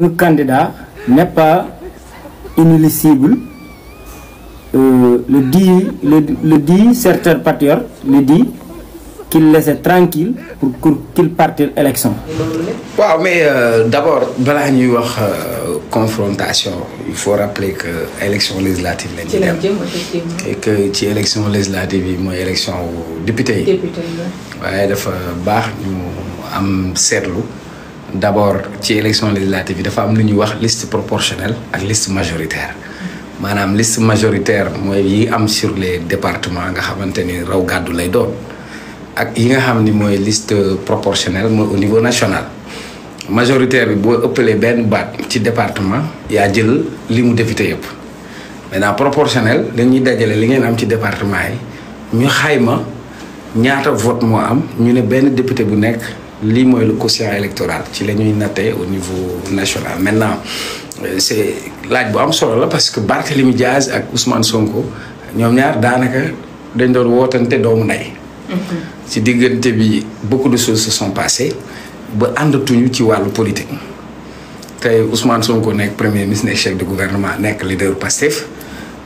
Le candidat n'est pas inéligible, euh, le, dit, certains patriotes, le dit qu'il laisse tranquille pour qu'il parte l'élection. mais euh, d'abord balaa ñuy wax euh, confrontation il faut rappeler que l'élection législative est... et que l'élection législative yi une élection député oui. député yi waaye dafa nous ñu am d' abord ci élection législative yi dafa am lu ñuy wax list proportionnelle ak liste majoritaire maanaam list majoritaire mooy yi am sur les départements nga xamante ni raw gàddu lay doon ak yi nga xam ni mooy list proportionnelle mooy au niveau national majoritaire bi boo ëppalee benn baat ci département yaa jël li mu député yëpp maintenant proportionnel dañuy dajale li ngeen am ci département yi ñu xayma ñaata vote moo am ñu ne benn député bu nekk c'est le quotient électoral ci la naté au niveau national maintenant euh, c'est laaj bu am solo la parce que Barthélemy Diaz ak Ousmane Sonko ñom ñaar danaka dañ doon wotante doomu nay mm-hmm. ci digënté bi beaucoup de choses se sont passées ba andatuñu ci walu politique Ousmane Sonko nek premier ministre le chef de gouvernement le leader passif.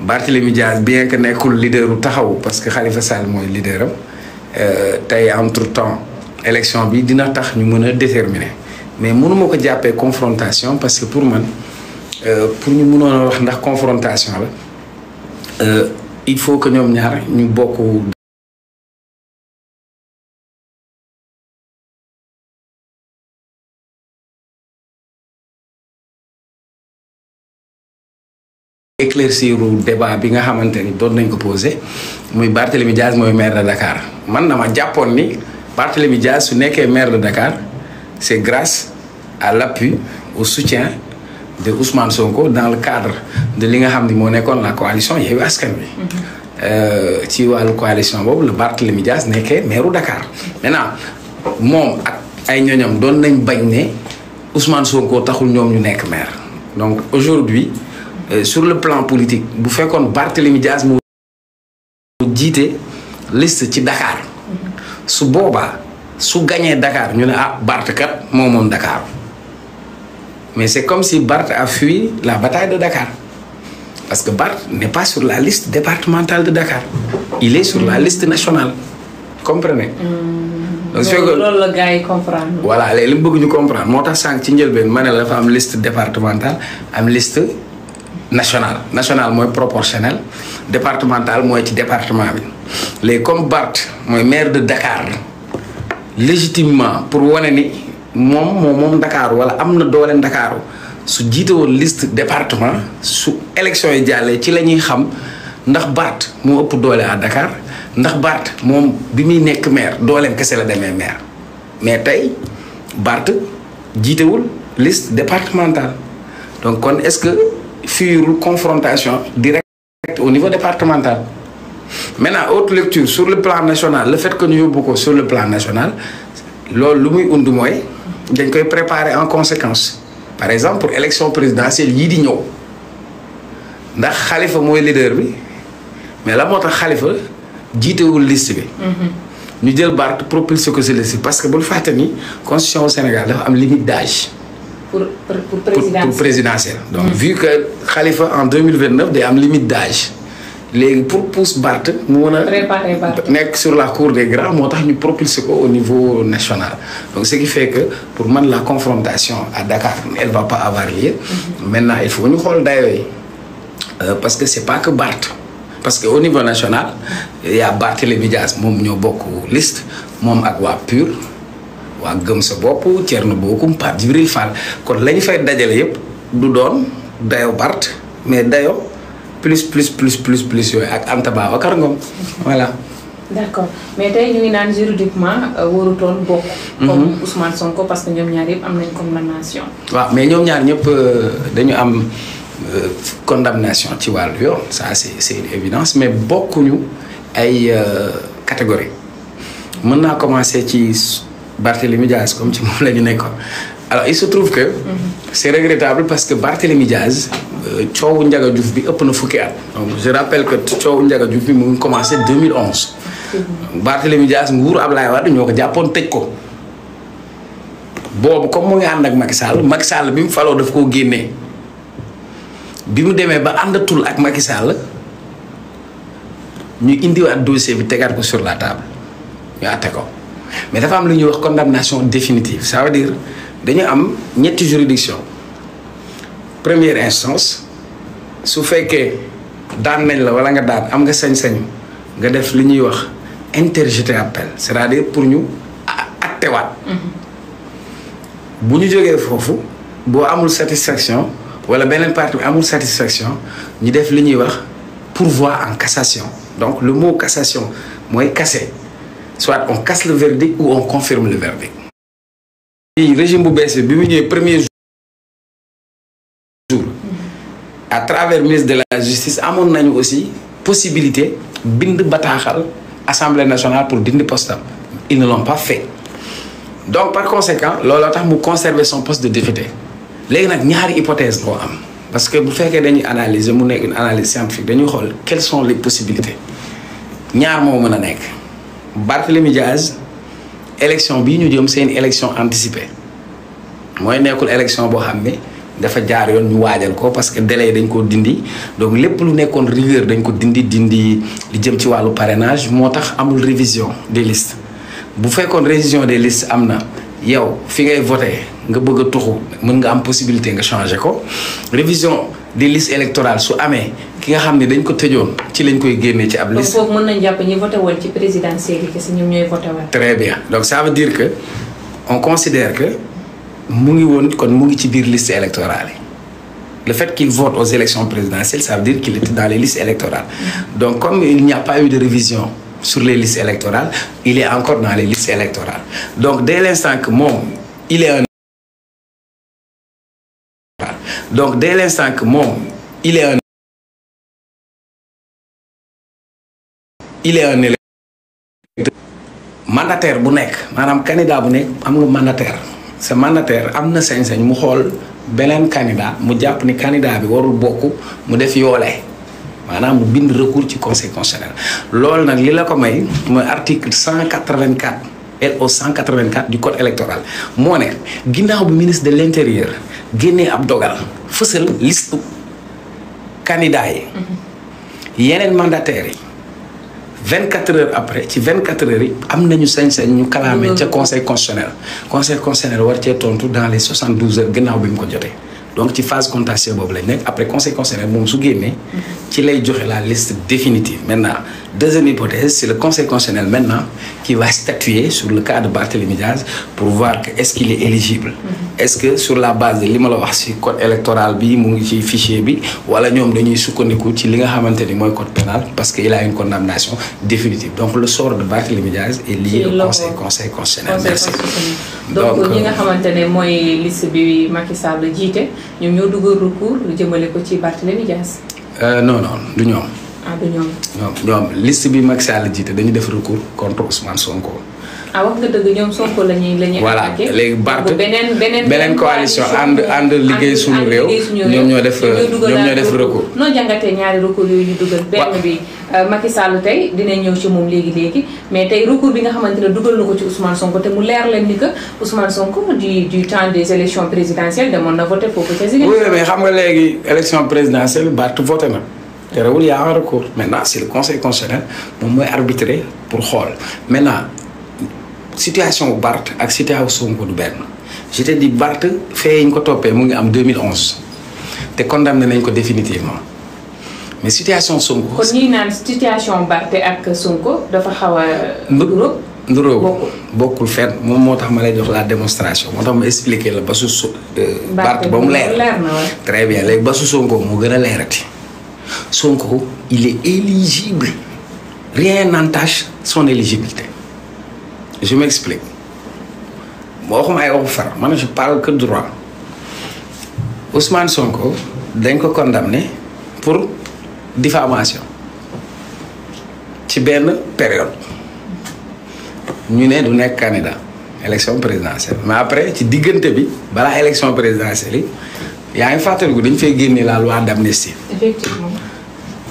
Barthélemy Diaz bien que nekul leader taxaw parce que Khalifa Sall le leader il euh, tay entre temps. élection bi dina tax ñu mën a déterminer mais mënuma ko jàppee confrontation parce que pour man euh, pour ñu mënoon wax ndax confrontation la euh, il faut que ñoom ñaar ñu bokk. éclaircir débat bi nga xamante ni doon nañ ko posé muy Barthélémy Diaz mooy maire de Dakar man dama jàppoon ni. Barthélémy Diaz n'est que maire de Dakar C'est grâce à l'appui, au soutien de Ousmane Sonko dans le cadre de li de mon ni la la coalition a eu Wi. Euh, ci wàllu coalition boobu la Diaz Dias que maire de Dakar. maintenant mon ak ay ñoñam doon nañ Ousmane Sonko taxul ñoom ñu maire donc aujourd'hui euh, sur le plan politique vous faites comme Barthélémy Dias vous dites « liste de Dakar su Boba, su gagné Dakar ñu né ah, Bart Barth kat moo Dakar mais c'est comme si Bart a fui la bataille de Dakar parce que Bart n'est pas sur la liste départementale de Dakar il est sur la mm. liste nationale comprenez. Mm. donc su gars voilà les li que nous ñu comprendre Moi, tax sànq ci la liste départementale am liste nationale nationale moi proportionnel départemental moi ci département bi les comme Barth maire de Dakar légitimement pour wane ni Mon mon mom Dakar wala amna na Dakar su jité woon liste département su élection yi jàllee ci lañuy xam ndax Bart mo upp doole à Dakar ndax Bart mom bi mi nek maire dooleem kese la démé maire mais Bart jité jiitewul liste départementale donc kon est-ce que fiirul confrontation directe au niveau départemental. Maintenant, autre lecture sur le plan national, le fait que nous beaucoup sur le plan national, ce undumoué, nous a préparé en conséquence. Par exemple, pour l'élection présidentielle, il y a Khalifa est le leader, mais montre Khalifa jiite le liste bi. Mhm. ñu jël ce que c'est le liste parce que le fàtte la constitution au Sénégal a une limite d'âge pour pour présidentielle donc hmm. vu que Khalifa en 2029 il une limite d'âge les pour pousse Bart nous sur la cour des grands nous tax ñu au niveau national donc ce qui fait que pour moi la confrontation à Dakar elle va pas avoir lieu. Hmm. maintenant il faut nous xool euh, parce que c'est pas que Bart parce que au niveau national il y a Barthélémy les médias beaucoup listes, liste mon ak waa PUR. waa gëm sa bopp Thierno Bocoum Pape Djibril Fall kon lañ fay dajale yëpp du doon dayo Bart mais dayo plus plus plus plus plus yooyu ak Anta Babacar Ngom voilà. d' accord mais tey ñu ngi naan juridiquement euh, warutoon bokk. comme mhm. Ousmane Sonko parce que ñoom ñaar yëpp waaw mais ñoom ñaar ñëpp euh, dañu am euh, condamnation ci wàllu yoon ça c' est c' est évidence mais bokkuñu ay catégorie mën naa commencer ci Barthélémy Diaz comme tu me la dit, alors il se trouve que. Mhm. c'est regrettable parce que Barthélémy Diaz a euh, Ndiaga bi ëpp je rappelle que un Ndiaga en commencé 2011. Barthélémy Diaz nguuru Wade Japon comme mu ngi ànd ak Macky Sall Macky Sall nous mu un ba Macky Sall dossier sur la table mais nous avons une condamnation définitive ça veut dire nous am une juridiction première instance su fait que que, dans le nga am nga sañ nga interjeté appel c'est-à-dire pour nous acte. Mm-hmm. bu ñu nous foofu satisfaction ou une partie satisfaction nous avons li pourvoi en cassation donc le mot cassation est cassé soit on casse le verdict ou on confirme le verdict le régime bu bees le premier jour à travers le ministre de la justice a nañu aussi possibilité de battre l'Assemblée nationale pour le poste ils ne l'ont pas fait donc par conséquent looloo tax conserver son poste de député y a une hypothèse am parce que bu faites dañuy analyser une analyse scientifique quelles sont les possibilités ñaar moo mën a Barthélemy Diaz élection bi ñu jëm seen élection anticipée moy nekkul élection bo xam dafa jaar yon ñu wajal ko parce que délai dañ ko dindi donc lepp lu nekkoon rigueur dañ ko dindi dindi li jëm ci walu parrainage motax amul révision des listes bu fekkoon révision des listes amna yow fi ngay voté nga bëgg tuxu mën nga am possibilité nga changer ko révision des listes électorales su amé ki nga xam ne dañ ko tëjoon ci lañ koy génnee ci ab liste. donc que mën nañ jàpp ñi voté woon ci présidentielle yi kese ñoom ñooy voté très bien donc ça veut dire que on considère que mu ngi woon kon mu ngi ci biir liste électorale le fait qu'il vote aux élections présidentielles, ça veut dire qu'il était dans les listes électorales. Donc, comme il n'y a pas eu de révision sur les listes électorales, il est encore dans les listes électorales. Donc, dès l'instant que mon, il est un Donc, dès l'instant que mon, il est un il est un électeur mandataire bu nek manam candidat bu nek am lu mandataire ce mandataire amna na sañ mu xol benen candidat mu japp ni candidat bi warul bokku mu def yoolee manam mu bind recours ci conseil constitutionnel lol nak lila ko may moy article 184 LO 184 du code électoral mo ne ginnaaw bu ministre de l'intérieur intérieur ab dogal fësal liste candidat yi mhm. yenen mandataire 24 heures après ci 24 heures il y a sañ conseil constitutionnel conseil constitutionnel est dans les 72 heures que bi donc ci phase contentieuse Après le après conseil constitutionnel il y a la liste définitive maintenant Deuxième hypothèse, c'est le Conseil constitutionnel maintenant qui va statuer sur le cas de Barthélémy Diaz pour voir est-ce qu'il est éligible. Mm-hmm. Est-ce que sur la base de li ma wax ci code électoral bi ci fichier bi wala ñoom dañuy sukkandiku ci li nga code pénal parce qu'il a une condamnation définitive donc le sort de Barthélémy Diaz est lié au Conseil constitutionnel. merci donc ñi euh, nga xamante ne liste bi Macky Sall ñoo recours jëmale ko Barthélémy Diaz. Euh, non non du ah du ñoom. ñoom ñoom bi Macky Sall jiite dañu def recours contre Ousmane Sonko. ah wax nga dëgg ñoom Sonko la ñuy la ñuy voilà léegi Bart beneen beneen coalition ànd ànd liggéey ñoo def ñoom ñoo def recours. noo jàngatee ñaari recours yooyu ñu dugal. benn euh, nga xamante ne dugal na ko ci Ousmane Sonko te mu leer leen ni que Ousmane Sonko du du temps des élections présidentielles demoon na voté foofu ca Ziguinchor. oui xam nga léegi élection présidentielle Bart voté na. Il y a un recours maintenant c'est le conseil constitutionnel qui arbitrer pour Hol. maintenant situation Bart et ak situation Sonko du je 2011 condamné définitivement mais situation Sonko. situation et Sonko dafa vous a. la démonstration Je vais expliquer très bien les Sonko Sonko, il est éligible. Rien n'entache son éligibilité. Je m'explique. Moi, je parle que droit. Ousmane Sonko, il est condamné pour diffamation C'est une période nous sommes du candidats candidat élection présidentielle mais après tu diggante bi que élection présidentielle il y a un facteur qui fait gagner la loi d'amnistie. effectivement.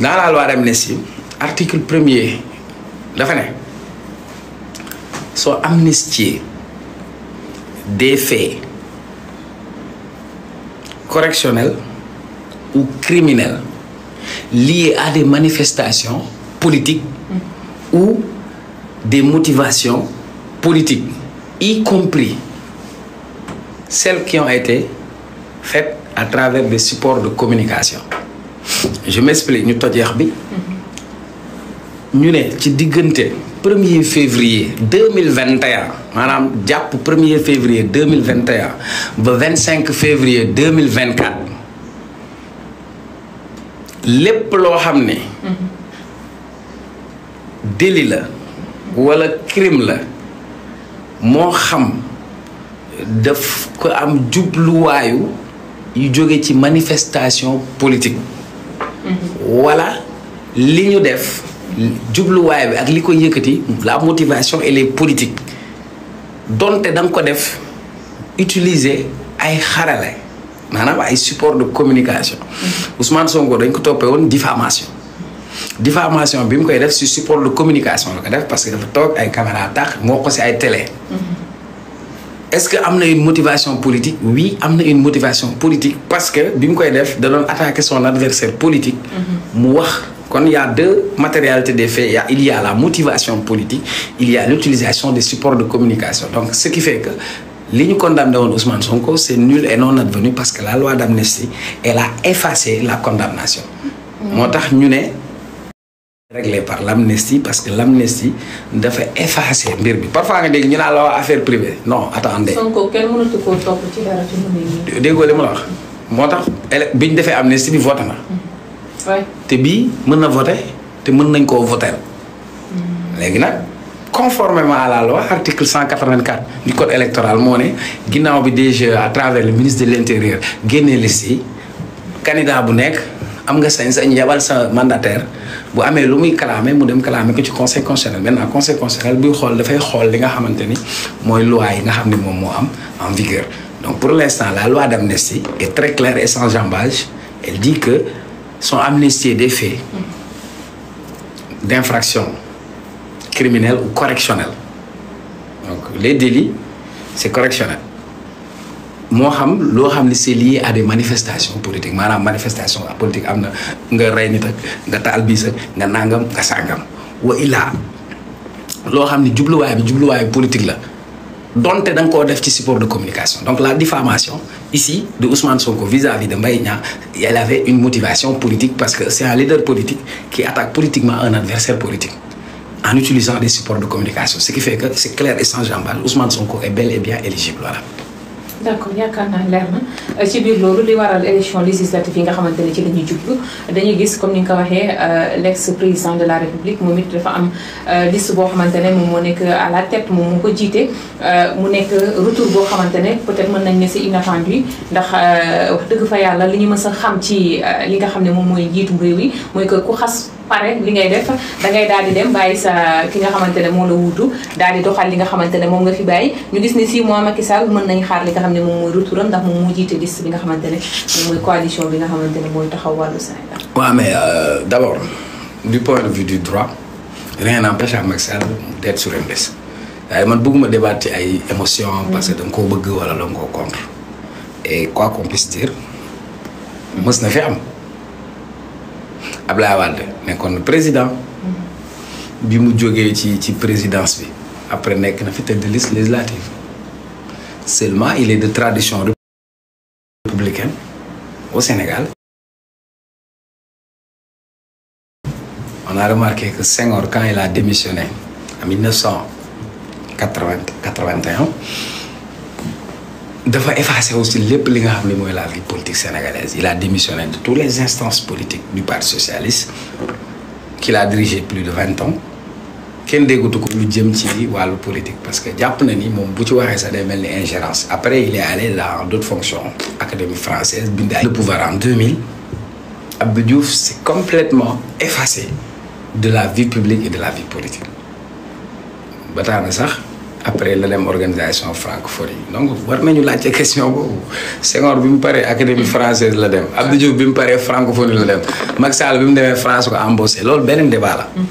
dans la loi d'amnistie article premier la ne sont amnestie des faits correctionnels ou criminels liés à des manifestations politiques mm. ou des motivations politiques y compris celles qui ont été faites à travers des supports de communication. Je m'explique, nous sommes mm Nous sommes le 1er février 2021. Madame, le 1er février 2021. Le 25 février 2024. Les délit ou le crime, je sais que je yu jóge ci manifestation politique voilà ligne ñu def la motivation elle est politique donc dans def utiliser ay support de communication mm-hmm. Ousmane songo dañ ko diffamation diffamation bi mu support de communication parce que le ay caméra ko télé mm-hmm est-ce que une motivation politique oui amener une motivation politique parce que Bimko koy def da attaquer son adversaire politique Moi, quand il y a deux matérialités des faits il y a la motivation politique il y a l'utilisation des supports de communication donc ce qui fait que les ñu condamné Ousmane Sonko c'est nul et non advenu parce que la loi d'amnistie elle a effacé la condamnation mhm. moo réglé par l'amnistie parce que l'amnistie faire effacer mbir bi parfois nga dég ñu na la loi affaire privée non attendez. Sonko kenn mënatu ko top ci dara ci mëne ne. déggoo ma wax motax biñ défé amnistie bi voté na. Mm. té bi mëna na voté nañ voté mm. conformément à la loi article 184 du code électoral moo ne ginnaaw bi DG à travers le ministre de l'Intérieur, intérieur liste candidat bu nekk am nga sañ-sañ yabal sa mandataire bu amé lu muy clamé mu dem clamé ko ci conseil constitutionnel maintenant conseil constitutionnel xol da fay xol li nga xamanteni moy loi nga am en vigueur donc pour l'instant la loi d'amnistie est très claire et sans jambage elle dit que sont amnistiés des faits d'infraction criminelle ou correctionnelle donc les délits c'est correctionnel moi, xam loo c'est lié à des manifestations politiques la manifestation politique on a nga rey nit nga taal biis ak nga nangam nga sangam. wa illaa loo xam ni jubluwaay bi politique la donté dang ko encore def ci support de communication donc la diffamation ici de Ousmane Sonko vis-à-vis de Mbaye elle avait une motivation politique parce que c'est un leader politique qui attaque politiquement un adversaire politique en utilisant des supports de communication ce qui fait que c'est clair et sans jambal Ousmane Sonko est bel et bien éligible voilà d' accord yaakaar naa leer na ci biir loolu li waral élection législative yi nga xamante ne ci la ñuy jublu dañuy gis comme ni nga ko waxee euh, l' ex président de la république moom it dafa am euh, liste boo xamante ne moom moo nekk à la tet moom moo ko jiite euh, mu nekk retour boo xamante ne peut être mën nañ ne c'est inattendu ndax wax dëgg fa yàlla li ñu mës a xam ci li nga xam ne moom mooy njiitu réew yi mooy que ku xas pare li ngay def da ngay daal di dem bàyyi sa ki nga xamante ne moo la wuutu daal di doxal li nga xamante ne moom nga fi bàyyi ñu gis ni si mois Macky Sall mën nañu xaar li nga xam ne moom mooy retouram ndax moom moo jiite liste bi nga xamante ne moom mooy coalition bi nga xamante ne mooy taxaw wàllu Sénégal. waaw mais euh, d' abord du point de vue du droit rien n' empêche à Macky Sall d' être sur une liste waaye man bëgguma débat ci ay émotions. Mm. parce que da nga koo bëgg wala da nga koo contre. et quoi qu'on puisse dire mës na fi am. Ablaye mais le président Il a jógee ci ci présidence après il na fait une liste législative seulement il est de tradition républicaine au Sénégal on a remarqué que Senghor quand il a démissionné en 1981, dafa effacé aussi lépp li nga la vie politique sénégalaise il a démissionné de toutes les instances politiques du parti socialiste qu'il a dirigé plus de 20 ans Il a ko de jëm ci la politique parce que jàpp na ni moom bu ci ingérence après il est allé là en d'autres fonctions académie française le pouvoir en 2000 Abdou s'est complètement effacé de la vie publique et de la vie politique ba ça après la même organisation francophonie donc war la la question Seigneur, Senghor bi mu académie hmm. française la dem Abdou Diouf bim paré francophonie la dem Maxal, bim bi France ko embauché loolu beneen débat la. Hmm.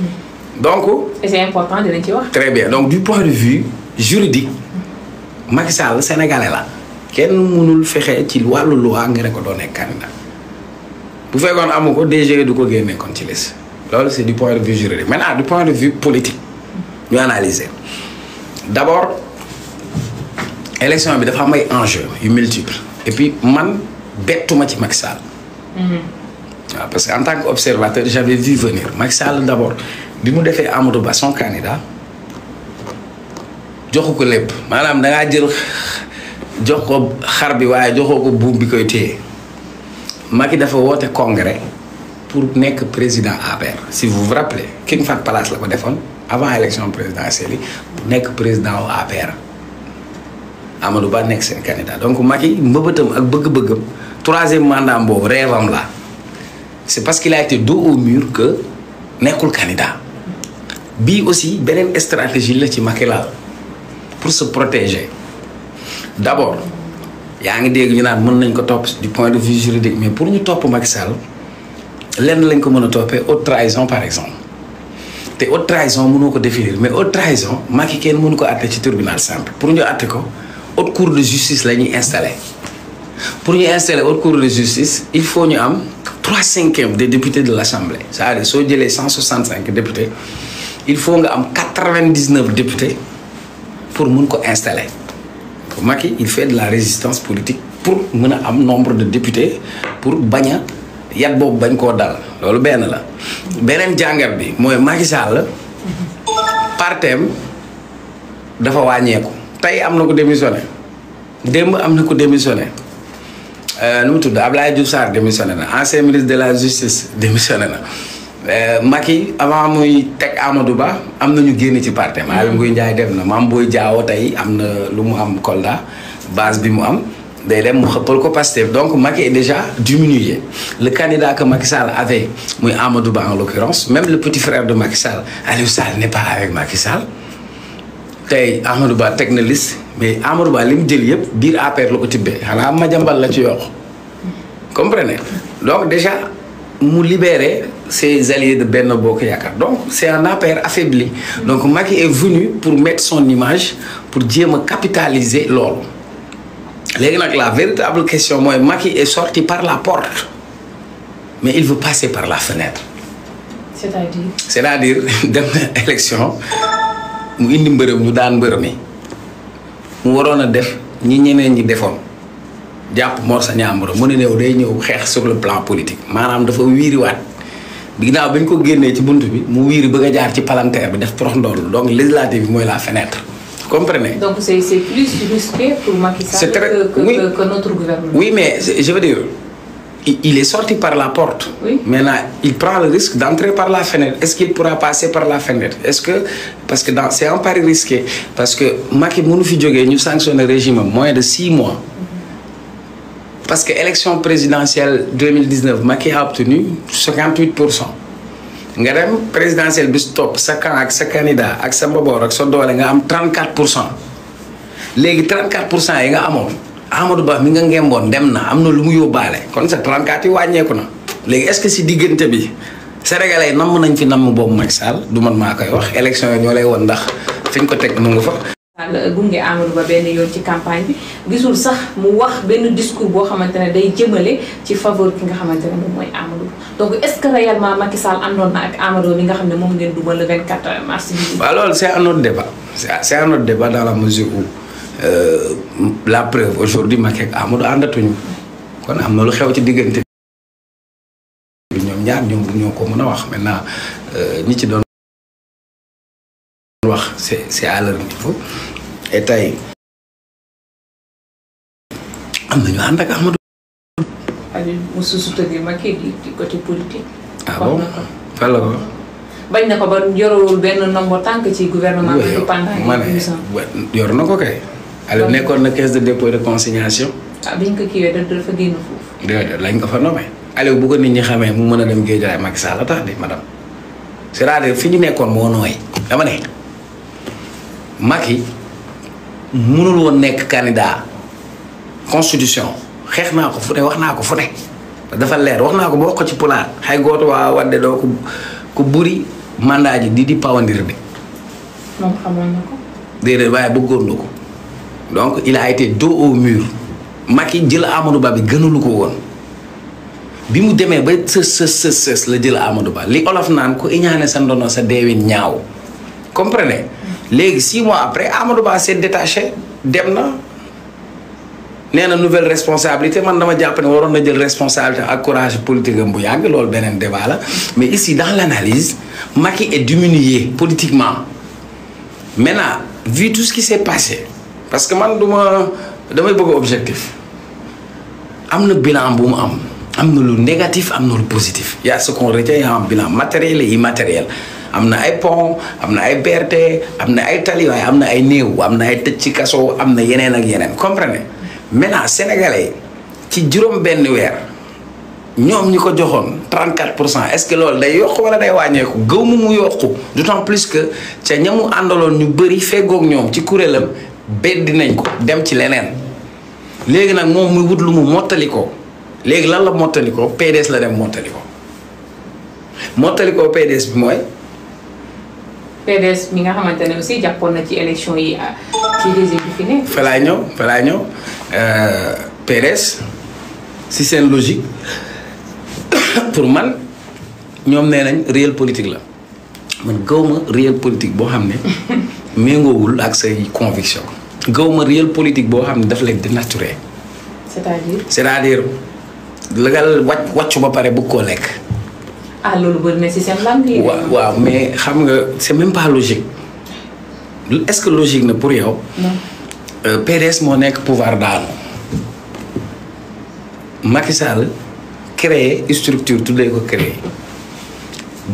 donc. c'est important de le dire. très bien donc du point de vue juridique hmm. Macky Sall sénégalais la kenn mënul fexé ci wàllu loi nga ne ko doonee candidat bu fekkoon amuko DG du ko loi kon ci liste c'est du point de vue juridique maintenant du point de vue politique ñu analyser d'abord l'élection bi dafa enjeu, ay enjeux et puis man suis ci Macky Sall mhm. parce qu'en tant qu'observateur j'avais vu venir Macky Sall d'abord bi mu defee Amadou Ba son candidat joxu ko lépp maanaam dangaa jël jox ko xar bi waaye joxoo ko buum bi koy téye Macky dafa woote congrès pour nekk président APR si vous vous rappelez King Fahd Palace la ko avant élection présidentielle nekk président wu APR Ba nekk seen candidat donc Macky mbëbëtam ak bëgg bëgg troisième mandat boobu rêvam la c' parce qu'il a été dos au mur que nekkul candidat bii aussi beneen stratégie la ci Macky laal pour se protéger d' abord yaa ngi dégg ñu naan mën nañ ko topp du point de vue juridique mais pour ñu topp Macky Sall lenn lañ ko mën a toppee haute trahison par exemple une haute trahison nous devons définir mais haute trahison Macky kenn mënu ko àtte le tribunal simple pour ñu àtte ko haute cour de justice la installée. pour ñu installer haute cour de justice il faut ñu am trois cinquièmes des députés de l'Assemblée. c'est-à-dire sur les 165 députés il faut nga am 99 vingt députés pour nous installer. Macky il fait de la résistance politique pour y ait un nombre de députés pour banya. yat boobu bañ koo dal loolu benn la beneen jàngar bi mooy Macky Sall parteem dafa wàññeeku tey am na ko démissionné démb am na ko démissionné euh, nu mu tudd Abdoulaye Diouf Sarr démissionné na ancien ministre de la justice démissionné na euh, Macky avant muy teg Amadou Ba am na ñu génn ci parteem Aly Ngouille Ndiaye def na Mame booy Diao tey am na lu mu am Kolda base bi mu am donc Macky est déjà diminué le candidat que Macky Sall avait muy en l'occurrence même le petit frère de Macky Sall Aliou Sall n'est pas avec Macky Sall Tay Amadou Ba mais Amadou Ba li mu jël un APR la ko tibbee xanaa Madiambal la ci yox. comprenez donc déjà mu libéré ses alliés de Benno Bokk Yakar. donc c'est un APR affaibli donc Macky est venu pour mettre son image pour dire capitaliser loolu léegi nag la véritable question mooy Macky et sorti par la porte mais il veut passer par la fenêtre. c'est-à-dire. c'est-à-dire dem na élection mu indi mbërëm ñu daan mbërëm yi mu waroon a def ñi ñeneen ñi defoon jàpp Mor Sagna Ambra mu ne néew day ñëw xeex sur le plan politique maanaam dafa wiiriwaat ginnaaw bi ñu ko génnee ci bunt bi mu wiiri bëgg a jaar ci palanteer bi def prox ndool donc législative bi mooy la fenêtre. Donc c'est plus risqué pour Macky Sall que, notre gouvernement. Oui, mais je veux dire, il, est sorti par la porte. Maintenant, il prend le risque d'entrer par la fenêtre. Est-ce qu'il pourra passer par la fenêtre Est-ce que parce que c'est un pari risqué parce que Macky Mounoufi nous sanctionne le régime moins de six mois. Parce que l'élection présidentielle 2019, Macky a obtenu 58%. nga dem présidentielle bi su sa camp ak sa candidat ak sa mboboor ak sa doole nga am 34 pour cent léegi 34 pour cent yi nga amoon Amadou Ba mi nga ngemboon dem na am na lu mu yóbbaale kon sa 34 yi wàññeeku na. léegi est-ce que si diggante bi sénégalais namm nañ fi namm boobu Macky saal du man maa koy wax élection yi ñoo lay woon ndax fi ñu ko teg mu nga fa daal euh, gunge Amadou Ba benn yoon ci campagne bi gisul sax mu wax benn discours boo xamante ne day jëmale ci faveur ki nga xamante ne moom mooy Amadou donc est ce que réellement Macky Sall àndoon na ak Amadou mi nga xam ne moom ngeen dugal le 24 mars. waaw loolu c' est un autre débat c' est un autre débat dans la mesure où euh, la preuve aujourd'hui Macky ak Amadou àndatuñu kon am na lu xew ci diggante ñoom ñaar ñoom ñoo ko mën a wax maintenant euh, ñi ci doon. wax c'est c'est alarmant et tey am na ñu ànd ak Amadou. Aliou ah bañ na ko ba yorul benn nombre tànk ci gouvernement bi. pendant yor na ko kay. Aliou nekkoon na caisse de dépôt de consignation. ah biñ ko kiiwee dafa génn foofu. lañ ko fa nommé. Aliou bu ko nit ñi xamee mu mën a dem géej waaye Macky de madame cest à fi ñu nekkoon moo nooy dama ne. Macky mënul woon nekk candidat constitution xeex naa ko fu ne wax naa ko fu nekk dafa leer wax naa ko ba wax ko ci pulaar xay gootu waa wadde doo ko buri mandat ji di di pawandir bi moom xamoon na ko déedéet na ko donc il a été dos au mur Macky jël Amadou Ba bi gënalu ko woon bi mu demee ba sës sës sës la jël Amadou Ba li olof naan ku iñaane sa ndono sa deewin ñaaw comprenez Les six mois après Amadou Ba s'est détaché Il na a une nouvelle responsabilité man dama jàpp ne jël responsabilité à courage politique débat mais ici dans l'analyse Macky est diminué politiquement maintenant vu tout ce qui s'est passé parce que man duma damay bëgg objectif Il un bilan bu mu am un négatif et un lu positif y a ce qu'on retient un bilan matériel et immatériel am na ay pont am na ay BRT am na ay tali waaye am na ay néew am na ay tëj ci kaso am na yeneen ak yeneen comprenez maintenant sénégalais ci juróom benn weer ñoom ñi ko joxoon 34 pour cent est-ce que loolu day yokk wala day wàññeeku gëw mu mu yokku d'autant plus que ca ñamu àndaloon ñu bëri feggoog ñoom ci kuréelam beddi nañ ko dem ci leneen léegi nag moom muy wut lu mu mottali ko léegi lan la mottali ko PDS la dem mottali ko mottali ko PDS bi mooy. PDS mi nga aussi japon na ci élection yi ah, ci régime fini fi nekk. fa laa ñëw fa laa ñëw euh, PDS si seen logique pour man ñom nee nañ réel politique la man gawma réel politique bo xamné ne méngoowul ak say conviction gawma réel politique bo xamné daf lay c'est-à-dire c'est-à-dire legal nga wàcc ba paré bu ko lekk. ah loolu bëri na waaw mais xam nga c' est même pas logique est ce que logique na pour yow. Euh, PDS moo nekk pouvoir daanu. Macky Sall structure tuddee ko créé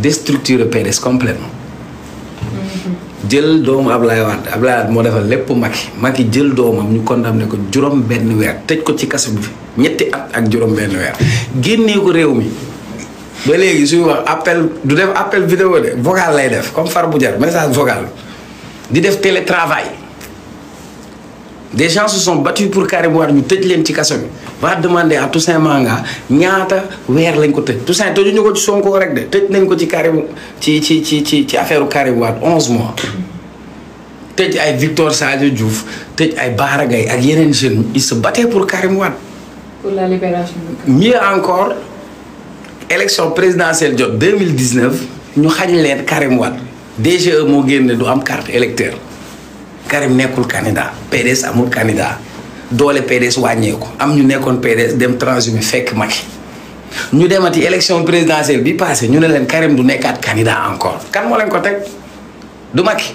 déstructuré PDS complètement mm-hmm. jël doomu Ablaye Wade Ablaye Wade moo defal lépp Macky Macky jël doomam ñu condamné ko juróom benn weer tëj ko ci kaso bi ñetti at ak juróom benn weer génnee ko réew mi. ba léegi suy wax appel du def appel vidéo de vocal lay def comme far bu jar message vocal di def télétravail des gens se sont battus pour Karim Wade ñu tëj leen ci kaso bi va demander à Toussaint Manga ñaata weer lañ ko tëj Toussaint ñu ko ci Sonko rek de tëj nañ ko ci Karim ci ci ci ci ci affaire Karim Wade onze mois tëj ay Victor Sadio Diouf tëj ay Bara Gaye ak yeneen jeunes ils se battaient pour Karim Wade pour la libération mieux encore élection présidentielle jot 2019 ñu xañ leen Karim Wade DGE moo génne du am carte électeur Karim nekkul candidat PDS amul candidat doole PDS wàññeeku am ñu nekkoon PDS dem transhumé fekk Macky ñu demati élection présidentielle bi passé ñu ne leen Karim du nekkaat candidat encore kan moo leen ko teg du Macky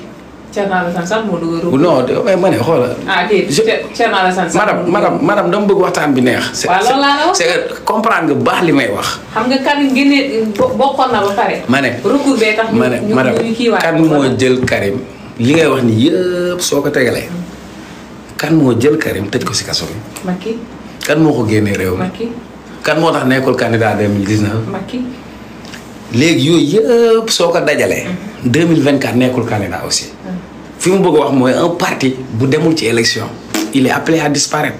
Thierno Alassane Sall moo dugg non ma ne xoolal. ah déet Thierno Alassane Sall madame madame madame dama bëgg waxtaan bi neex. waaw loolu laa la wax comprendre baax li may wax. xam nga Karim génne bokkoon na ba pare. ma ne recours bee tax ma ne madame kan moo jël Karim li ngay wax nii yëpp soo ko tegalee. kan moo jël Karim tëj ko si kaso bi. Macky kan moo ko génnee réew mi. kan moo tax nekkul candidat 2019. Macky léegi yooyu yëpp soo ko dajalee. 2024 mhm. nekkul candidat aussi. Mhm. fi mu bëgg a wax mooy un parti bu demul ci élection. il est appelé à disparaître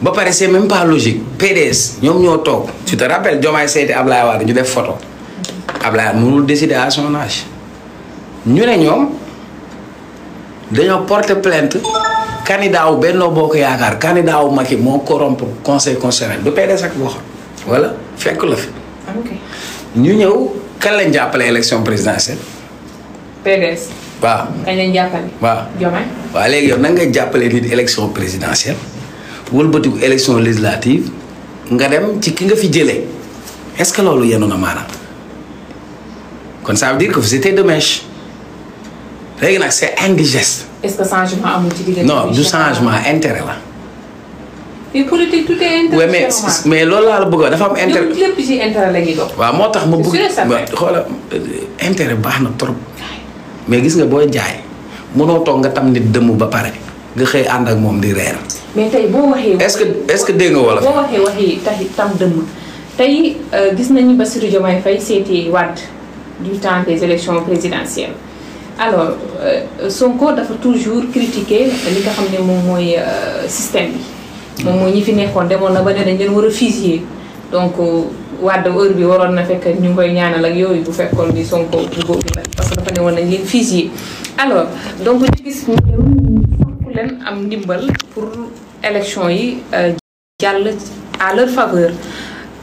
ba pare c'est même pas logique PDS ñoom ñoo toog. tu te rappelles Diomaye seeti Ablaye Wade ñu def photo. Mhm. Ablaye mënul décider à son âge. ñu ne ñoom dañoo porter plainte candidat wu Benno Bokk Yaakaar candidat wu Macky moo corrompre conseil constitutionnel du PDS ak waxoon wala fekk la fi. ñu ñëw kan lañ jàppale élection présidentielle. PDS. waaw kañ lañ jàppale. waaw Diomaye. waaw léegi yow nan nga jàppale nit élection présidentielle wëlbatiku élection législative nga dem ci ki nga fi jëlee est-ce que loolu yenu na maanaam kon sa veut dire que vous étiez de mèche léegi nag c'est indigeste. est-ce que amul ci diggante non du changement intérêt la. mais politique tout est mais mais loolu laa la bëggoon dafa am. intérêt ñoom lépp ci intérêt la ñuy dox. waaw moo tax ma bëgg xoola intérêt baax na trop. mais gis nga booy jaay mënoo toog nga tam nit dëmm ba pare nga xëy ànd ak moom di reer. mais tey boo waxee. est-ce que est-ce que dégg nga wala. boo waxee waxi tax tam dëmm tey euh, gis nañu Bassirou Diomaye fay seeti Wade du temps des élections présidentielles. alors euh, Sonko dafa toujours critiquer li nga xam ne moom mooy euh, système bi. moom mooy ñi fi nekkoon demoon na ba ne dañ leen war a fusiller donc euh, waa wàdd heure bi waroon na fekk ñu ngi koy ñaanal ak yooyu bu fekkoon bi Sonko bu góob bi parce que dafa ne woon nañ leen fusiller alors donc ñu gis ñu dem leen am ndimbal pour élection yi euh, jàll à leur faveur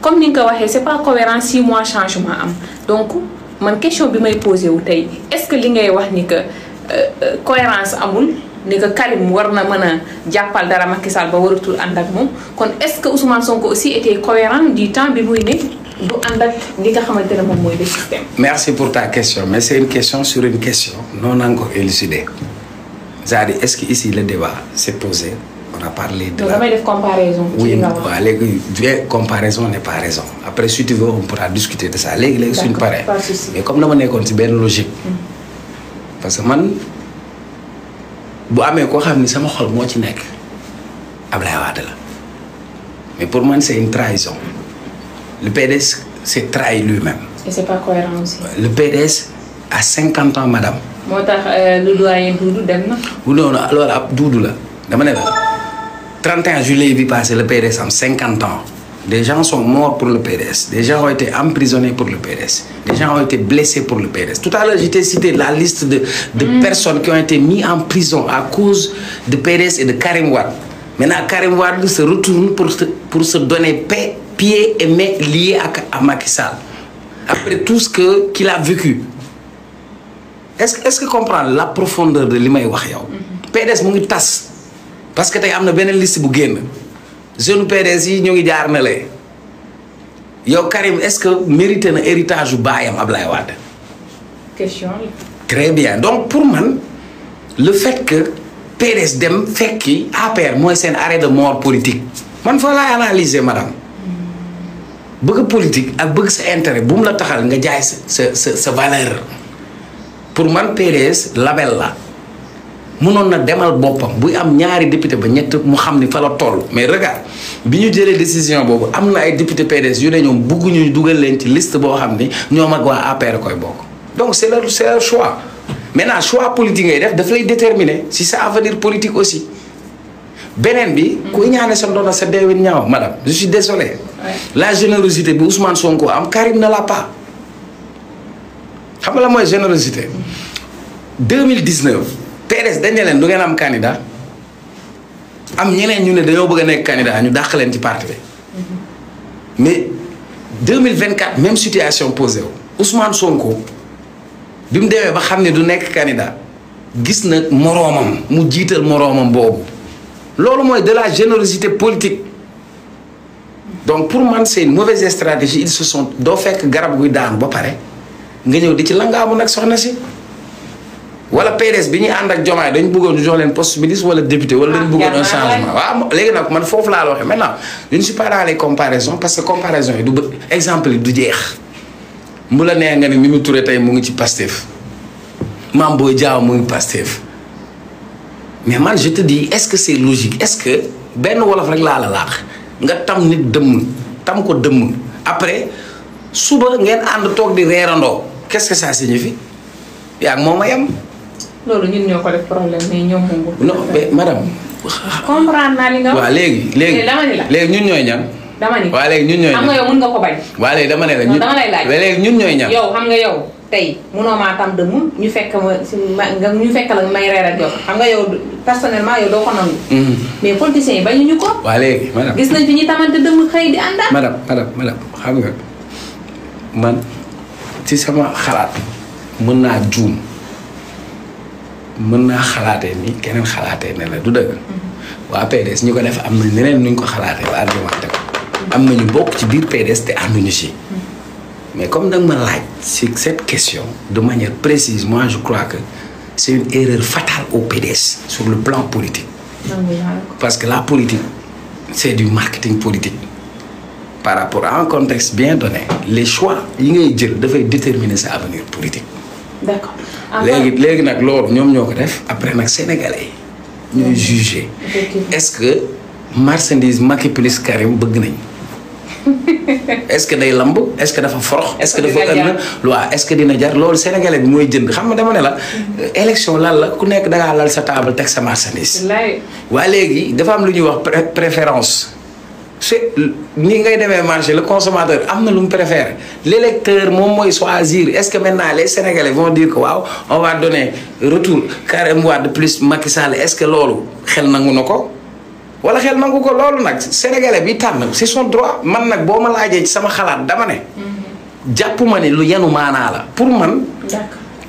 comme ni nga ko waxee c'est pas cohérent six mois changement am donc man question bi may posé wu tey est-ce que li ngay wax ni que euh, cohérence amul ne que Karim war na mën dara Macky Sall ba waratul ànd ak kon est-ce que Ousmane Sonko aussi était cohérent du temps bi muy ne du ànd ak li nga xamante le système. merci pour ta question mais c'est une question sur une question non encore élucidée zadi est-ce que ici le débat s'est posé on a parlé de. la def comparaison. oui non, léegi comparaison n'est pas raison après si tu veux on pourra discuter de ça léegi léegi une paree. mais comme dama nekkoon ci benn logique. Mm. parce que man. Si je sais que mon cœur est là, c'est Ablaye Wadala. Mais pour moi, c'est une trahison. Le PDS s'est trahit lui-même. Et ce n'est pas cohérent aussi. Le PDS a 50 ans, madame. Moi, tu as Doudou, il a Doudou, non Non, non, alors, Doudou, là. 31 juillet, il vit passé le PDS en 50 ans. Des gens sont morts pour le PDS. Des gens ont été emprisonnés pour le PDS. Des gens ont été blessés pour le PDS. Tout à l'heure, j'ai cité la liste de, mm. personnes qui ont été mises en prison à cause de PDS et de Karim Maintenant, Karim Ward se retourne pour, se donner paix, pied et mais liés à, à Macky Après tout ce qu'il a vécu. Est-ce est que tu comprends la profondeur de l'image que mm-hmm. PDS, mon tasse, Parce que tu as une liste jeune PDS yi ñu ngi jaar na lé yow Karim est-ce que mérité na héritage bu baayam Ablaye Wade. question très bien donc pour man le fait que PDS dem fekki APR moy sen arrêt de mort politique man fa la analyser madame bëgg politique ak bëgg sa intérêt bu mu la taxal nga jaay sa sa sa valeur pour man PDS label la mënon na demal bopam bu am ñaari député ba ñett mu xam ni fa la toll mais regarde biñu jëlé décision bobu amna ay député PDS yu ne ñoom bëgguñu ñu duggal leen ci liste bo xamni ñom ak wa APR koy bok donc c'est leur c'est leur choix maintenant choix politique ngay def daf lay déterminer si sa avenir politique aussi benen bi kuy ñaane sa ndono sa deewin ñaaw madame je suis désolé la générosité bi Ousmane Sonko am Karim na l'a pas xam nga la mooy générosité 2019 PDS dañ ne leen am candidat am ñeneen ñu ne dañoo bëgg a nekk candidat ñu dàq leen ci parti bi mais 2024 même situation posée Ousmane Sonko bi mu demee ba xam du nekk candidat gis na moromam mu jiital moromam boobu lolu moy de la générosité politique donc pour man c'est une mauvaise stratégie ils se sont do fekk garab guy daanu ba paré nga ñëw di ci langaamu nak soxna si wala PDS bi ñuy ànd ak Diomaye dañ bëggoon jox leen poste ministre wala député wala dañ ah, bëggoon un changement Wa légui nak man fofu la waxe. maintenant je ne suis pas dans les comparaisons parce que comparaison yi du exemple yi du jeex mu la nee nga ne Mimi Touré tay mu ngi ci Pastef Mame Boye Diao mu ngi Pastef mais man je te dis est-ce que c'est logique est-ce que ben wolof rek laa la laax nga tam nit dëmm tam ko dëmm après suba ngeen and tok di reerandoo qu'est-ce que ça signifie Ya, ngi moom loolu ñun ñoo ko def problème mais ñoom moom. non mais madame. comprendre naa li nga léegi léegi léegi ñun ñooy ñan. dama ni waaw léegi ñun ñooy ñan nga yow mun ko bañ. waaw léegi dama ne la ñun dama léegi ñun ñooy ñan. yow xam nga yow tey munoo maa tam dëmm ñu fekk ma si fekk la may reer ak xam nga yow personnellement yow doo ko nangu. Mm-hmm. mais politiciens yi bañu ñu ko. waaw léegi madame gis nañ fi ñuy tamante dëmm xëy di àndaat. madame madame xam nga man ci sama xalaat mën naa juum mën naa ni keneen xalaatee ne la du dëgg mm-hmm. wa PDS ñu ko def am na neneen nuñ ko xalaatee ba argumenté ko am na ñu bokk ci biir PDS te ci mm-hmm. mais comme da ma laaj cette question de manière précise moi je crois que c'est une erreur fatale au PDS sur le plan politique parce que la politique c'est du marketing politique par rapport à un contexte bien donné les choix yi ngay jël fay déterminer sa avenir politique d'accord léegi que après sénégalais nous jugé est-ce que marchandise Macky plus Karim est-ce que day lamb est-ce que est-ce que dafa des lois est-ce que dina jar sénégalais bi est jënd xam dama la mhm. élection là, la ku nekk la sa table marchandise dafa am lu préférence c'est nii ngay demee marché le consommateur am na lu mu préfère l'électeur moom mooy choisir est-ce que maintenant les sénégalais vont dire que waaw on va donner retour Karim Wade plus Macky est-ce que loolu xel nangu na ko wala xel nangu ko loolu nag sénégalais bi tànn si son droit man nag boo ma laajee ci sama xalaat dama ne. jàppuma ni lu yenu maanaa la pour man.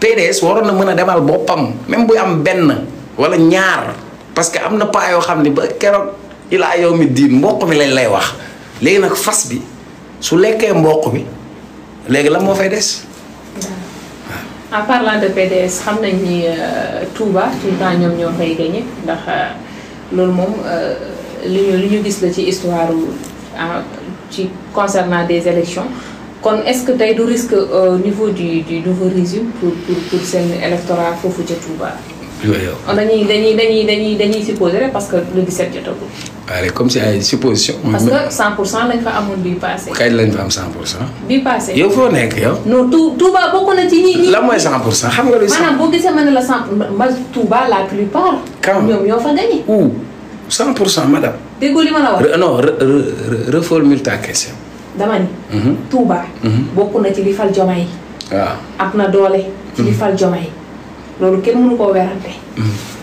PDS waroon na mën a demal boppam même bu am benn wala ñaar parce que am na pas yoo xam ne ba keroog. il yow mi di mboq mi lañ lay wax léegi nak fas bi su lekke mboq mi léegi la mo fay des. en parlant de PDS xamnañ ni euh, Touba tout le temps ñoo fay gagné ndax euh, lool mom euh, li ñu li ñu gis la ci histoire ah, ci concernant des élections kon est-ce que tay du risque au niveau du du nouveau régime pour pour pour sen électorat fofu ci Touba. Ah, dañuy dañuy dañuy dañuy dañuy supposé parce que le 17 jotagul. waaw comme si une supposition. parce que 100 pour lañ fa amoon bi passé. Kay lañ fa am 100 Bi passé yow fo nek yow. non tout Touba bokk na ci ñi. la moy 100 xam nga. lu si Manam bo gisee ma la 100 tout Touba la plupart. quand ñoom ñoo fa gagné. ou 100 madame. déggoo li ma la wax. non reformule ta question. dama ni. -hmm. Touba. Mhm. bokk na ci li fal jomay. waaw ah. am na doole. ci li fal Diomaye loolu kenn mënu ko werante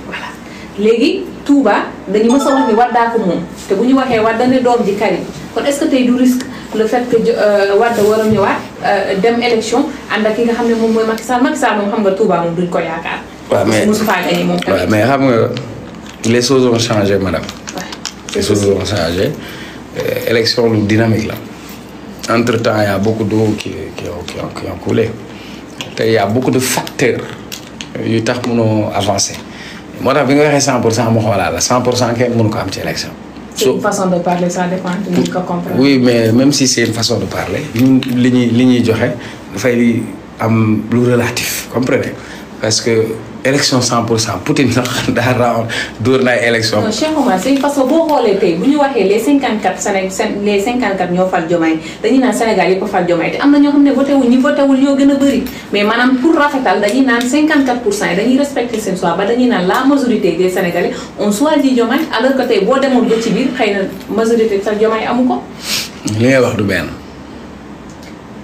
voilà légui Touba dañu mësa wax ni Wàddaa ko moom te bu ñu waxee Wàdda doom ji Karim kon est-ce que tay du risque le fait que euh, Wàdda war a ñëwaat euh, dem élection ànd ak ki nga xamné mom moy Macky Sall Macky Sall moom xam nga Touba moom duñ ko yaakaar. waaw mais mosu faa gañe moom waaw mais xam nga les choses ont changé madame. les choses ont changé euh, élection lu dynamique là entre temps y a beaucoup d'eau qui qui qui ont coulé il y a beaucoup de facteurs yu tax mënoo avancer moo tax bi nga waxee 100 pour cent xoolaa la 100 pour cent kenn mënu ko am ci élection. c'est une façon de parler ça dépend de ñu ko comprendre. oui mais même si c'est une façon de parler ñun li ñuy li ñuy joxe dafay am lu relatif comprenez parce que élection 100 pour cent Poutine sax na élection. non Cheikh Oumar c'est parce que bo xolé tay buñu waxé les 54 Séné les 54 ñoo fal Diomaye dañuy naan Sénégal yépp a fal Diomaye te am na ñoo xam voté wu ñi voté wu ñoo gëna bëri mais manam pour rafetal dañuy naan 54 dañuy respecter seen choix ba dañuy naan la majorité des Sénégalais ont choisi jomay alors que tey boo demoon ci biir xeyna majorité sax jomay amuko li ngay wax du benn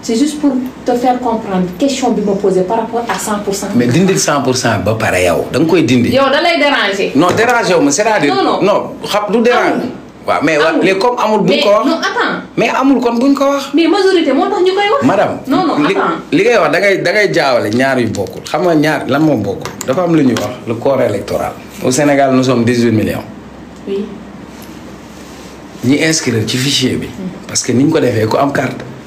c'est juste pour te faire comprendre question bi ma posé par rapport à 100% mais dindi 100% ba pare yow da nga koy dindi. yow da lay déranger. non déranger wu ma c'est-à-dire. non non non du déranger. wa mais les comme amul buñ ko wax mais non attends. mais amul kon buñ ko wax. mais majorité moo tax wax. madame non non attends li ngay wax da ngay da ngay jaawale ñaar yu bokul xam nga ñaar lan moom bokkul dafa am lu ñuy wax le corps électoral. au Sénégal nous sommes 18 millions. oui. ñi inscrire ci fichier bi. Mm. parce que niñ ko défé ko am carte.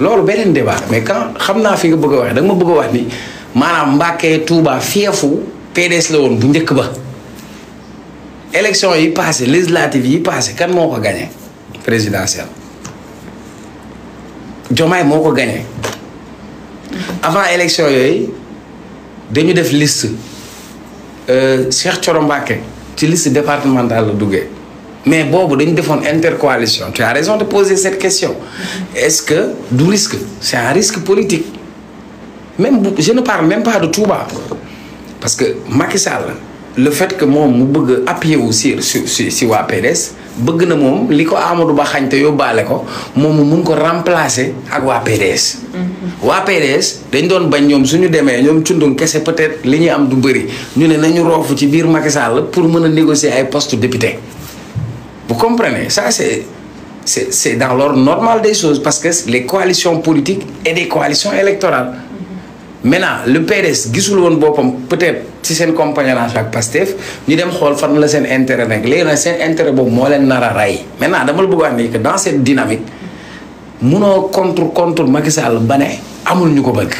loolu beneen débat mais quand xam naa fi nga bëgg a wax da ma bëgg a wax ni maanaam Mbàkke Touba fiefu PDS la woon bu njëkk ba élection yi passé législative yi passé kan moo ko gagné présidentielle Jomaay moo ko gagné avant élection yooyu dañu def liste euh, Cheikh Thioro Mbacke ci liste départementale la duggee mais boobu dañ une intercoalition tu as raison de poser cette question est-ce que d'où risque c'est un risque politique même je ne parle même pas de Touba parce que Macky Sall le fait que moom mu bëgg appuyer wu sur si si waa PDS bëgg na moom li ko Amadou Ba xañ te yóbbaale ko moom mu mun ko remplacer ak waa PDS. Mm-hmm. waa PDS dañ doon bañ ñom suñu démé ñom cundum kessé peut-être li am du bëri ñu ne nañu roofu ci biir Macky Sall pour mën négocier ay poste député vous comprenez Ça, c'est c'est dans l'ordre normal des choses parce que les coalitions politiques et des coalitions électorales. maintenant le PDS gisul woon peut-être si c'est compagnonnage ak Pastef ñu dem xool fan la seen intérêt nekk les nag intérêt boobu moo leen nar maintenant dama la bëgg que dans cette dynamique munoo contre contre Macky Sall bané, ne amul ñu ko bëgg.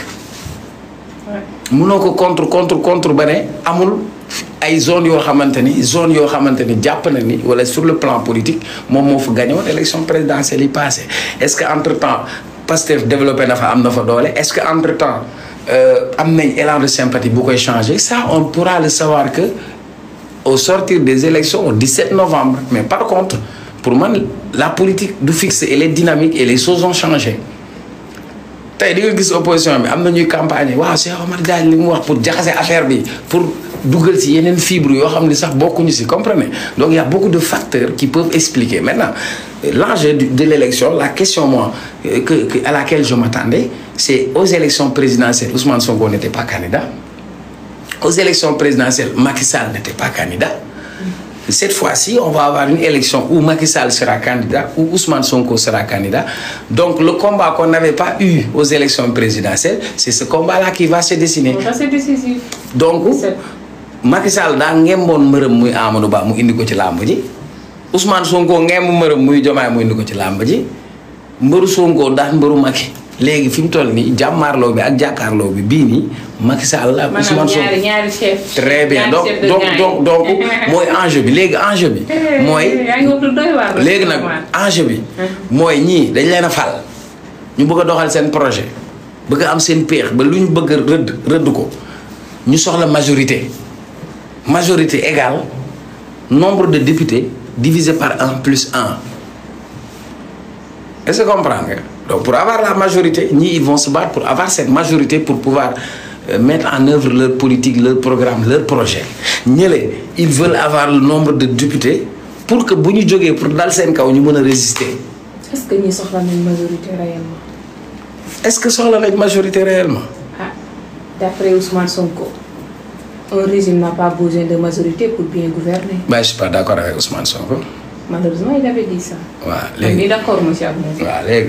mëno ko contre contre contre bané amul ay zone yoo xamante zone yoo xamante ni na ni wala sur le plan politique mon moo fa gagné l'élection élections présidentielle passées. est-ce que entre temps pasteur développé na fa am fa est-ce que entre temps euh, am élan de sympathie bu koy changé ça on pourra le savoir que au sortir des élections au 17 novembre mais par contre pour moi, la politique du fixe elle est dynamique et les choses ont changé Tu as dit gis opposition a am une campagne C'est Cheikh Omar Diagne pour jaxase affaire bi pour si fibre donc il y a beaucoup de facteurs qui peuvent expliquer maintenant l'enjeu de l'élection la question moi euh, à laquelle je m'attendais c'est aux élections présidentielles Ousmane Sonko n'était pas candidat aux élections présidentielles Macky Sall n'était pas candidat cette fois-ci, on va avoir une élection où Macky Sall sera candidat, où Ousmane Sonko sera candidat. Donc le combat qu'on n'avait pas eu aux élections présidentielles, c'est ce combat-là qui va se dessiner. Ça, c'est décisif. Donc, Macky Sall daa ngemboon meureum muy Amadou Ba mu indi ko ci lamb ji Ousmane Sonko ngem meureum muy jomay mu indi ko ci lamb ji mbëru Sonko da mbëru Macky legi fim mu toll nii jàmmaarloo bi ak jakarlo bi bi ni Macky Sall ak Ousmane Sonko très bien donc donc donc donc moy enjeu bi léegi enjeu bi moy léegi nak enjeu bi moy ñi dañ leena fal ñu bëgg doxal sen projet bëgg am sen peex ba luñu bëgg reud reud ko ñu soxla majorité majorité égale nombre de députés divisé par 1 plus 1. Est-ce que vous comprenez Donc pour avoir la majorité, ils vont se battre pour avoir cette majorité pour pouvoir euh, mettre en œuvre leur politique, leur programme, leur projet. Ils veulent avoir le nombre de députés pour que si nous pour le résister. Est-ce que nous avons une majorité réellement Est-ce que nous avons une majorité réellement ah, D'après Ousmane Sonko. Un régime n'a pas besoin de majorité pour bien gouverner. Ben, je ne suis pas d'accord avec Ousmane Sonko. Malheureusement, il avait dit ça. Ouais, les... Mais d'accord, monsieur Abou. Ouais,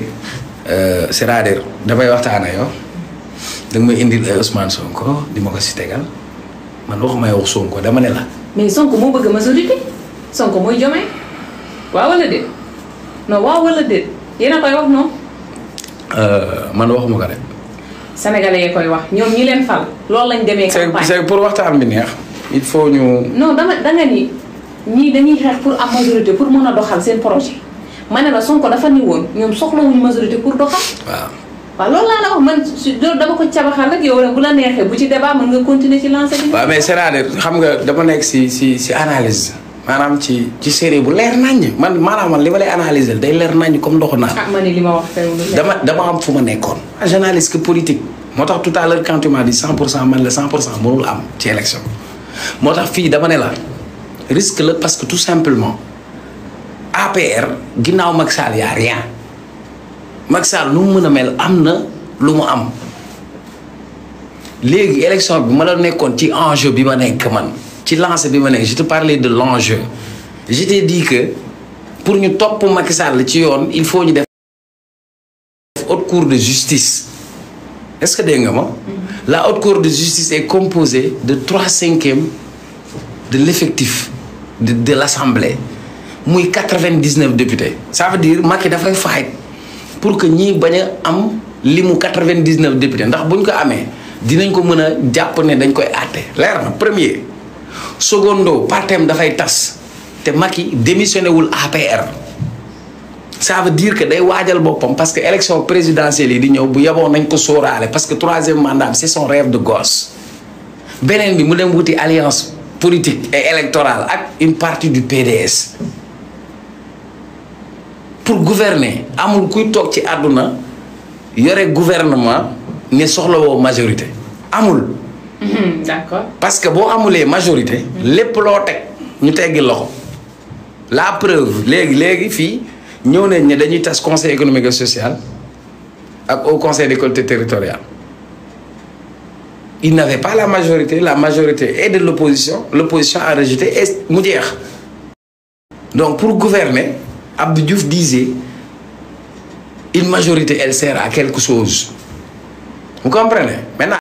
euh, cest rare. je vais vous dire, je vais Ousmane Sonko, je vais vous dire, Je waxuma yow Sonko dama ne la. mais Sonko moo bëgg majorité Sonko mooy Diomaye waaw wala déet non waaw wala n'a pas a koy non? noonu. Euh, man waxuma ko rek. sénégalais yi koy wax ñoom ñi leen fal lool lañ demee campagne c'est pour waxtaan bi neex il faut ñu no dama da nga ñii dañuy xeex pour am majorité pour mën a doxal seen projet ma ne la Sonko dafa ni woon ñoom soxlawuñu majorité pour doxal waaw waaw loolu laa la wax man su dama ko cabaxal rek yow rek bu la neexee bu ci débat mën nga continuer ci lancer bi waaw mais cest xam nga dama nekk si si si analyse manam ci ci série bu leer nañ man maanaam li ma analyser day leer nañ comme ndoxu naan. ah ma li ma wax dama dama am fuma ma journaliste que politique. motax tout à l'heure quand tu m'as dit 100 man le 100 mënul am ci élection motax fi dama ne la risque le parce que tout simplement APR ginnaaw Macky Sall ya rien Macky Sall nu mu mel am na lu mu am légui élection bi ma la nekkoon ci enjeu bi ma nekk man je te parlais de l'enjeu. je t'ai dit que pour top top Macky Sall il faut une haute cour de justice est-ce que tu mm-hmm. la haute cour de justice est composée de trois cinquièmes de l'effectif de l'assemblée Il y députés ça veut dire Macky pour que nous 99 députés. députés ndax buñ ko que ko avons nous secondo partem dafay tas te Macky démissionné wul APR ça veut dire que day waajal boppam parce que élection présidentielle yi di ñëw bu yaboon nañ ko sóoraale parce que troisième mandat c'est son rêve de gosse beneen bi mu dem wuti alliance politique et électorale ak une partie du PDS pour gouverner amul kuy toog ci àdduna yore gouvernement ne soxlawoo majorité amul Mhm, d'accord parce que bon amulee majorité. les majorité, nous ñu nous la preuve les filles, nous ñëw le conseil économique et social au conseil d'école territoriale. territoriales. il n'avait pas la majorité la majorité est de l'opposition l'opposition a rejeté et mu donc pour gouverner Abdouf disait une majorité elle sert à quelque chose vous comprenez maintenant.